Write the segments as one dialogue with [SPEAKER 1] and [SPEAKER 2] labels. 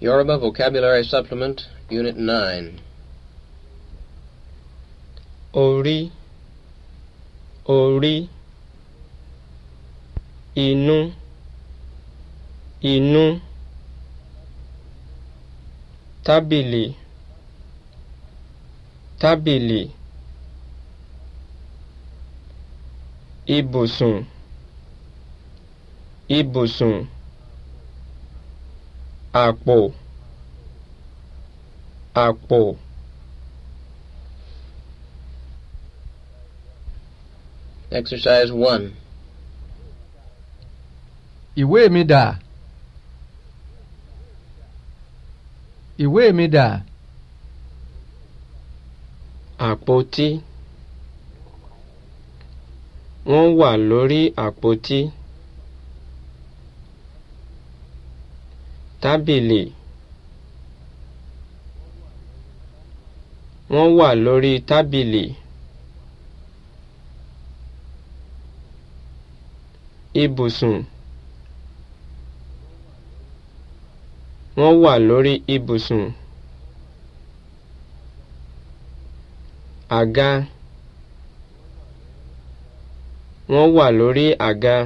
[SPEAKER 1] Yoruba Vocabulary Supplement, Unit 9. Ori. Ori. Inu. Inu. Tabili. Tabili. ibùsùn, ibùsùn àpò àpò
[SPEAKER 2] exercise one. ìwé mi dà ìwé mi dà.
[SPEAKER 1] àpótí wọ́n wà lórí àpótí. Tábìlì wọ́n wà lórí tábìlì. Ibùsùn wọ́n wà lórí ibùsùn. Àga wọ́n wà lórí àga.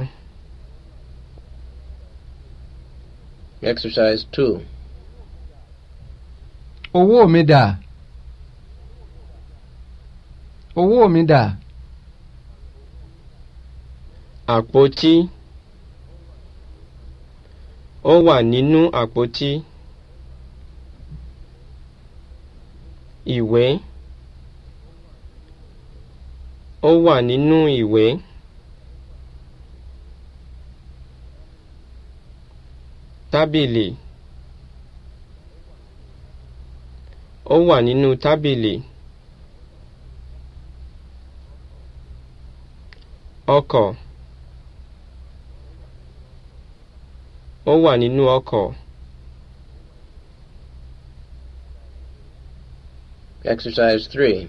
[SPEAKER 1] Exercise
[SPEAKER 2] 2. Owó omida! dà? omida! mi dà?
[SPEAKER 1] Àpótí. Ó wà nínú àpótí. Ìwé. Ó wà Tábìlì. Ó wà nínú tábìlì. Ọkọ̀. Ó wà nínú ọkọ̀. Exercise 3.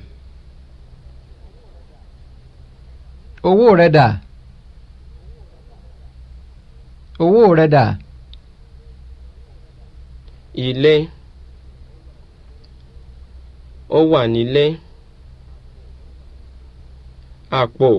[SPEAKER 2] Owó rẹ dà? Owó
[SPEAKER 1] ilé ó wà nílé àpò